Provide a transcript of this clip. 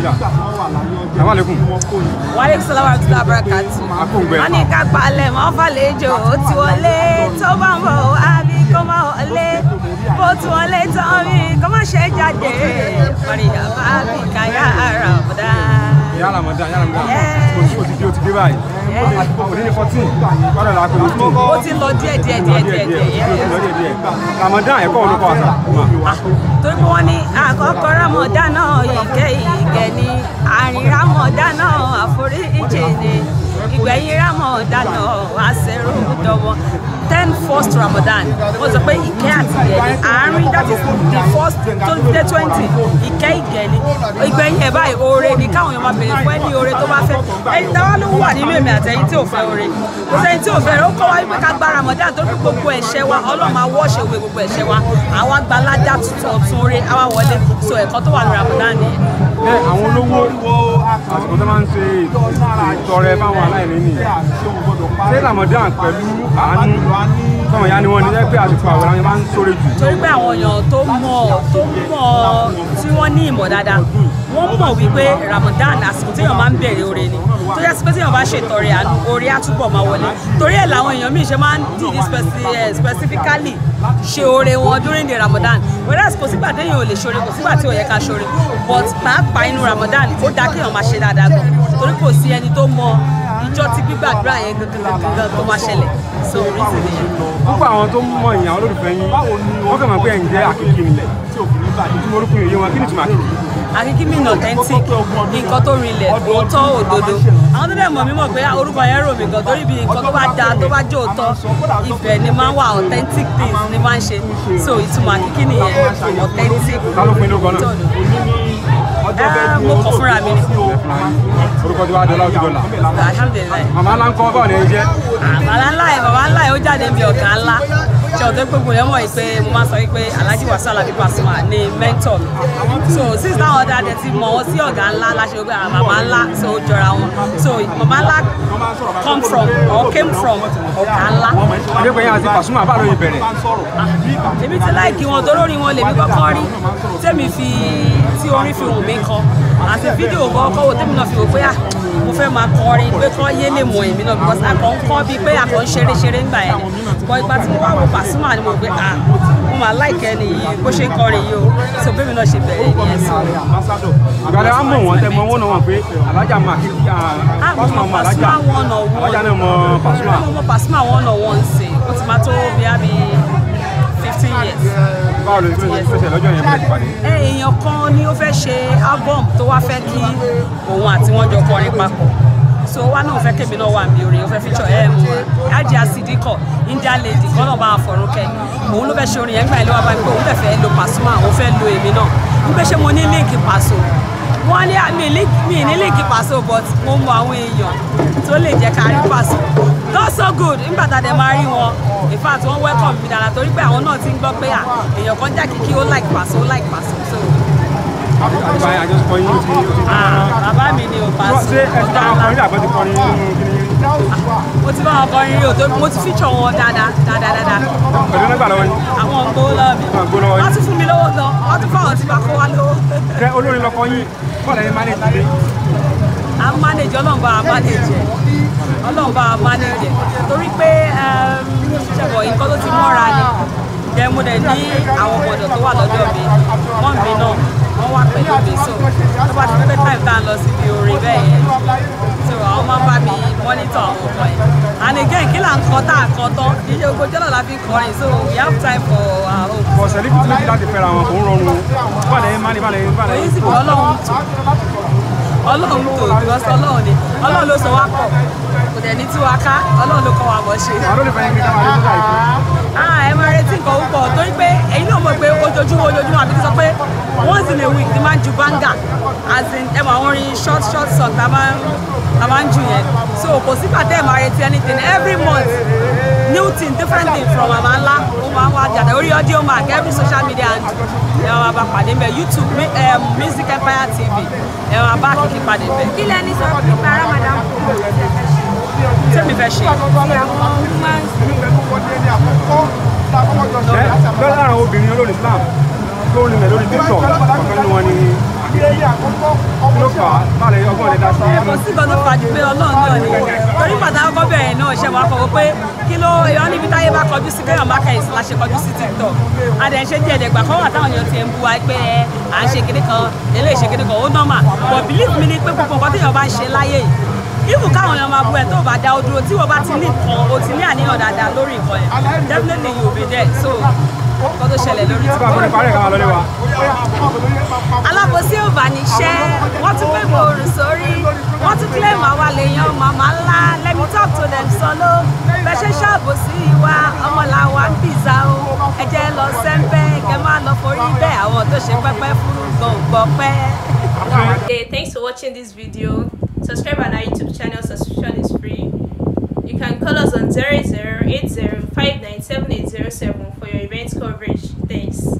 Assalamualaikum. Waalaikumsalam warahmatullahi wabarakatuh. Wọ́n ní ká palẹ̀ mọ́ fàlejò ó ti wọlé tó bá ń bọ̀ á kó má wọlé bó ti wọlé tán mi kó má ṣe jáde. Ọ̀rìyà bá mi kà yá ara ọ̀dà. Ìyá Ramadan, ìyá Ramadan, kò sí òtítí ó ti dé báyìí. Òní ni fourteen, báyọ̀ la kò ní two. ti lọ díẹ̀ díẹ̀ díẹ̀ díẹ̀ díẹ̀. Ramadan ẹ̀kọ́ olùkọ́ àṣà. Ah, torí pé wọ́n ní ìgbẹ̀yìn rámọ̀ ọ̀daràn àṣẹrò tọwọ́ ten first Ramadan wọ́n sọ he can't, àti ìgẹ̀lì àárín that is the first to the twenty ìkẹ́ ìgẹ̀lì ìgbẹ̀yìn ẹ̀ báyìí oore ni Can't èèyàn máa he fún ẹni oore tó bá fẹ́ ẹni táwa ló wà nínú èmi àtẹ̀yìn tí ò fẹ́ oore kò sẹ́ni tí ò fẹ́ rẹ̀ ó kọ́ wa wípé ká gba Ramadan tó ní gbogbo ẹ̀ṣẹ̀ wa Ọlọ́run máa wọ́ ṣèwé gbogbo ẹ̀ṣẹ̀ wa àwa gba ládá tuntun ọ̀tún oore àwa wọlé so ẹ̀kọ́ tó wà lórí Ramadan nìyẹn. bẹ́ẹ̀ àwọn olówó àsìkò tó máa ń ṣe ìtọrẹ fáwọn aláìní nìyẹn ṣé Ramadan pẹ̀lú àánú táwọn ìyá ni wọ́n ní pé àsìkò àwẹ̀ làwọn yẹn máa ń sóre jù. torí pé àwọn èèyàn tó mọ̀ tó mọ̀ tí wọ́n ní ìmọ̀ dáadáa wọ́n mọ̀ wípé Ramadan àsìkò téèyàn máa ń bẹ̀rẹ̀ oore ni tó yẹ pé téèyàn bá ṣètọrẹ àánú oore á túbọ̀ máa wọlé torí ẹ̀ làwọn èèyàn míì ṣe máa ń dìde specifically ṣe oore wọn during the Ramadan whereas kò sígbà téèyàn ò lè ṣoore kò sígbà tí ò yẹ ká ṣoore but pàápàá inú Ramadan ó dáa kéèyàn máa ṣe dáadáa gan torí kò sí ẹni tó mọ ìjọ ti gbígbàdúrà yẹn gangan tó máa ṣẹlẹ̀ so orí ti nìyẹn. púpọ̀ àwọn tó mọ̀ ìyàwó lólùfẹ́ yín wọ́n kàn máa pé ẹ̀ ń jẹ́ àkíkí ilẹ̀ tí òfin ní bàjẹ́ tí mo rúkú yìí wọn kí ni tùmọ̀ àkíkí akíkímì authentic nǹkan tó rinlẹ̀ òótọ́ òdodo àwọn tó dẹ̀ mọ̀ mímọ̀ pé ah, orúkọ yẹn rò mí gan torí bí nǹkan tó bá da tó bá jẹ́ òótọ́ ìfẹ́ ni máa ń wà authentic things ni máa ń ṣe so ìtumọ̀ akíkímì yẹn authentic ah, mo kọ fúnra mi ni. orúkọ tí wàá dọ́là ojú dọ́là. alhamdulilayi. màmá ńlá ń kọ́ bọ́ọ̀lù ẹ jẹ́. bàbá ah, ńlá yẹn bàbá ńlá yẹn ó jáde bí ọ̀gá ńlá ṣe ọ̀dọ́ gbogbo yẹn mọ̀ pé mo máa sọ pé Alhaji Wasiu Alabi Pasuma ni mẹ́ńtọ̀ mi so ti mọ̀ wọn sí ọ̀gá ńlá láṣẹ gbogbo àwọn màmá ńlá so jọra wọn so màmá ńlá come from or came from ọ̀gá ńlá. adékòye àti Pasuma bá lóye bẹ̀rẹ̀. èmi ti láìkí wọn tó wọn lèmi kọ́kọ́ rí tèmi fi tí orin fi hùn mí kan àti fídíò kọ́kọ́ wò tèmi náà fi wò pé à ah, mo fẹ́ máa kọrin pé kọ́ yé lè mọ̀ èmi náà because a kàn ń kọ́ bíi pé a kàn ń ṣeré ṣeré nígbà yẹn but ìgbà tí mo wá wo Pasuma ni mo gbé ah mo máa láìkẹ́ ni bó ṣe ń kọrin yìí o so bẹ́ẹ̀ mi náà ṣe bẹ̀rẹ̀ yẹn so. àgbàdo wa mọ̀ wọ́n tẹ mọ wọn náà wọ́n pé alájà máa kí ah, Pasuma mọ alájà alájà náà mọ Pasuma fifteen years. báwo ló ṣe ṣe lọ́jọ́ yẹn bẹ́ẹ̀ pàdé. ẹ èèyàn kan ni ó fẹ́ ṣe album tó wá fẹ́ kí òun àti wọ́n jọ kọrin papọ̀ so wa náà fẹ́ kémi náà wà mí orin ó fẹ́ fi jọ ẹ mú wa ajé asidi kọ india lady kọ́nà bá àfọ̀rún kẹ òun ló be ṣe orin yẹn gbà ilé wa bá pé òun dẹ̀ fẹ́ lo Pasuma òun fẹ́ lo èmi náà ń pé ṣé mo ní líǹkì pàṣọ wọ́n ní mi ní líǹkì pàṣọ but mo mọ àwọn èèyàn tó lè jẹ́ ká rí pàṣọ not so good nígbà tá a dẹ̀ máa rí wọn in fact wọ́n welcome mi dára torí pé àwọn náà ti ń gbọ́ pé à èèyàn kan jákèjì ó like pàṣọ like pàṣọ so àgbà àjọṣe kọrin yóò ti yóò ti. bàbá mi ni ò bá sọ. ṣé ẹ ti bá wọn kọrin àgbà ti kọrin nínú kíni yín. mo ti bá wọn kọrin rí o tó mo ti feature wọn dáadáa dáadáa dáadáa. pẹ̀lú nígbà lọ́wọ́ yín. àwọn ń gbowó lọ́wọ́ mi. àwọn ń gbowó lọ́wọ́ yín. wọ́n tún fún mi lówó gan wọ́n tún fáwọn tí wọ́n kó wa lówó. kẹ olórin lọkọ yín bọ́ọ̀lù ẹni manage ilé. a ń manage ọlọ́run bá a manage ọlọ́run bá a manage torí pé ṣẹ̀bọ̀ nǹkan tó ti mọ́ra ni dẹ́mu dẹ̀ ní àwọn ọmọdọ̀ tó wà lọ́jọ́ mi mọ́ mi náà àwọn wá so tó bá ti pẹ́ time tá à ń lọ síbi orin bẹ́ẹ̀ yẹn so àwọn máa bá mi monitor àwọn ọkọ yẹn and again kí là ń kọ tá à kọ tán kì í jọ́lọ̀ la fi kọrin so we have time for our own. bọ̀ sẹ́lífù tí méjì láti fẹ́ra wọn kò ń rọrùn o balẹ̀ mani balẹ̀ balẹ̀. èyí sì bọ̀ ọlọ́run tó ọlọ́run tó because ọlọ́run ni ọlọ́run ló sọ wá pọ̀ kò dẹ̀ ní tí wá ká ọlọ́run ló kọ́ wa mọ̀ ṣe. àlọ́ banger as in ẹ mọ àwọn orin short short song tá a máa ń jù yẹn so kò sígbà tẹ́ ẹ̀ máa retí anything every month new thing different thing from mama ńlá ó máa ń wá jáde orí audio mark every social media and ẹ máa bá pàdé mbẹ youtube um, music empire tv ẹ máa bá kìkì pàdé mbẹ. kí lẹni sọ pé para madam kò tẹ fẹ́ ṣe. tẹ́mi fẹ́ ṣe. ti àwọn women. bẹ́ẹ̀ lára obìnrin olórí islam tó ń rìn lórí tiktok ẹ̀kọ́ sí kan fàájú pé ọlọ́run náà ni torí pàtàkì ọkọ bẹ̀rẹ̀ náà ṣe wà fọwọ́ pé kí ló èèyàn níbi táyé bá kọjú sí kéèyàn má kẹ́yìn sí kọjú sí tiktok adẹ̀ díẹ̀ dẹ̀gbà kọ́ wà táwọn èèyàn ti ń bu wa ẹ à ń ṣe kíní kan eléyìí ṣe kíní kan ó nọ́mà but believe me ni pé gbogbo nǹkan téèyàn bá ń ṣe láyé yìí káwọn èèyàn máa bu ẹ tó bá dá o dúró tí wọn bá ti ní nǹkan o ti ní àníyàn dáadáa lórí nǹkan yẹn definitely you be there so nǹkan tó ṣẹlẹ̀ lórí tìǹbù. alákòóso yorùbá níṣẹ́ wọ́n tún pé gbòòrò sórí wọ́n tún claim àwa lèèyàn màmá ńlá let me talk to them solo bẹ́ẹ̀ ṣe ṣọ́ọ̀bù sí ìwà ọmọlàwà ń bìzà o ẹ̀jẹ̀ lọ sẹ́ńbẹ́ kẹ́ máa lọ forí bẹ́ẹ̀ àwọn tó ṣe pẹ́pẹ́ fúru gan pẹ́. Hey, thanks for watching this video. Subscribe on our YouTube channel, subscription is free. You can call us on zero zero zero eight five nine seven eight. yourself for your event coverage. Thanks.